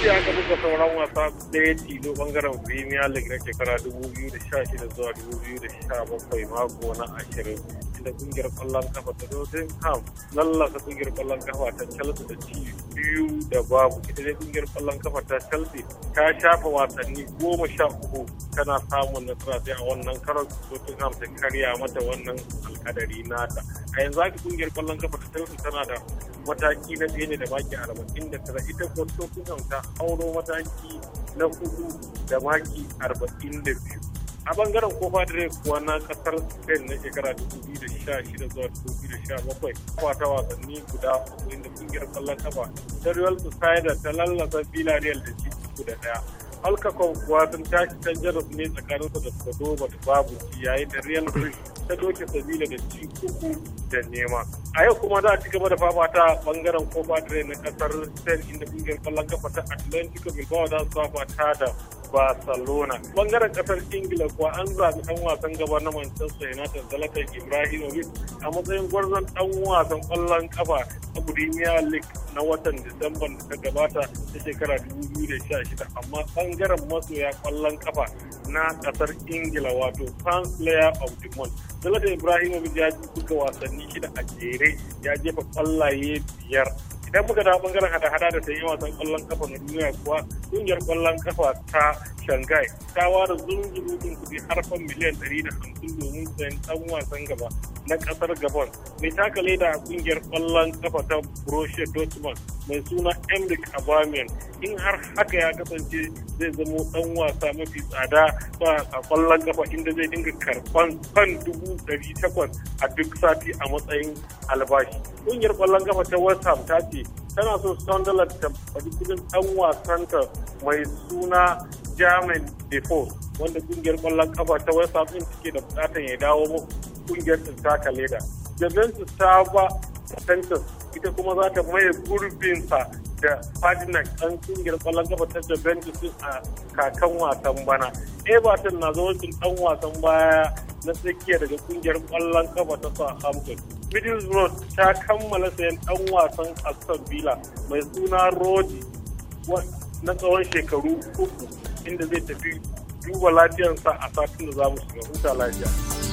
yadda aka buga sauran wasa ɗaya tilo bangaren premier league na shekara 2016 zuwa 2017 mako na ashirin da kungiyar kwallon kafa ta dozin ham lallasa kungiyar kwallon kafa ta Chelsea da ci biyu da babu ita dai kungiyar kwallon kafa ta Chelsea ta shafa wasanni goma sha uku tana samun nasara sai a wannan karon ham ta karya mata wannan alkadari nata a yanzu haka kungiyar kwallon kafa ta Chelsea tana da mataki na biyu ne da maki arba'in da tara ita ko sokunan ta hauro mataki na hudu da maki arba'in da biyu a bangaren kofa dire kuwa na kasar spain na shekara 2016 zuwa 2017 kafa ta wasanni guda uku inda kungiyar kwallon kafa ta real society ta lallasa villarreal da ci guda daya alkakon kuwa sun tashi can ne tsakaninsa da cordoba da babu yayin da real madrid ta doke sabila da ci uku da nema a yau kuma za a ci gaba da fafata bangaren kofa da na kasar spain inda kungiyar kwallon kafa ta atlantico bilbao za su ta da barcelona bangaren kasar ingila kuwa an zaɓi ɗan wasan gaba na manchester united zalatan ibrahimovic a matsayin gwarzon ɗan wasan kwallon kafa a premier league na watan disamba da ta gabata ta shekara 2016 amma bangaren masoya kwallon kafa na kasar ingila wato fan player of the month ibrahim Ibrahimovic ya buga wasanni shida a jere ya jefa kwallaye biyar. Idan muka dawo bangaren hada-hada da ta yi wasan kwallon kafa na duniya kuwa kungiyar kwallon kafa ta Shanghai ta ware zunzurutun kuɗi har fan miliyan ɗari da hamsin domin sayan ɗan wasan gaba na ƙasar Gabon. Mai taka leda a kungiyar kwallon kafa ta Borussia Dortmund mai suna emric abamian in har haka ya kasance zai zamo dan wasa mafi tsada ba a kwallon gaba inda zai dinga karban fan dubu dari takwas a duk sati a matsayin albashi ƙungiyar kwallon gaba ta west ham ta ce tana so sunderland ta faɗi kudin dan wasanta mai suna german defo wanda kungiyar kwallon kafa ta west ham din take da bukatar ya dawo kungiyar ta taka leda juventus ta ba Juventus ita kuma za ta maye gurbinsa da fadinak ɗan kungiyar ƙwallon kafa ta juventus a kakan wasan bana everton na cin ɗan wasan baya na tsakiya daga kungiyar ƙwallon kafa ta southampton middlesbrough ta kammala sayan ɗan wasan aston villa mai suna rodi na tsawon shekaru uku inda zai tafi duba lafiyarsa a satin da za mu shiga huta lafiya.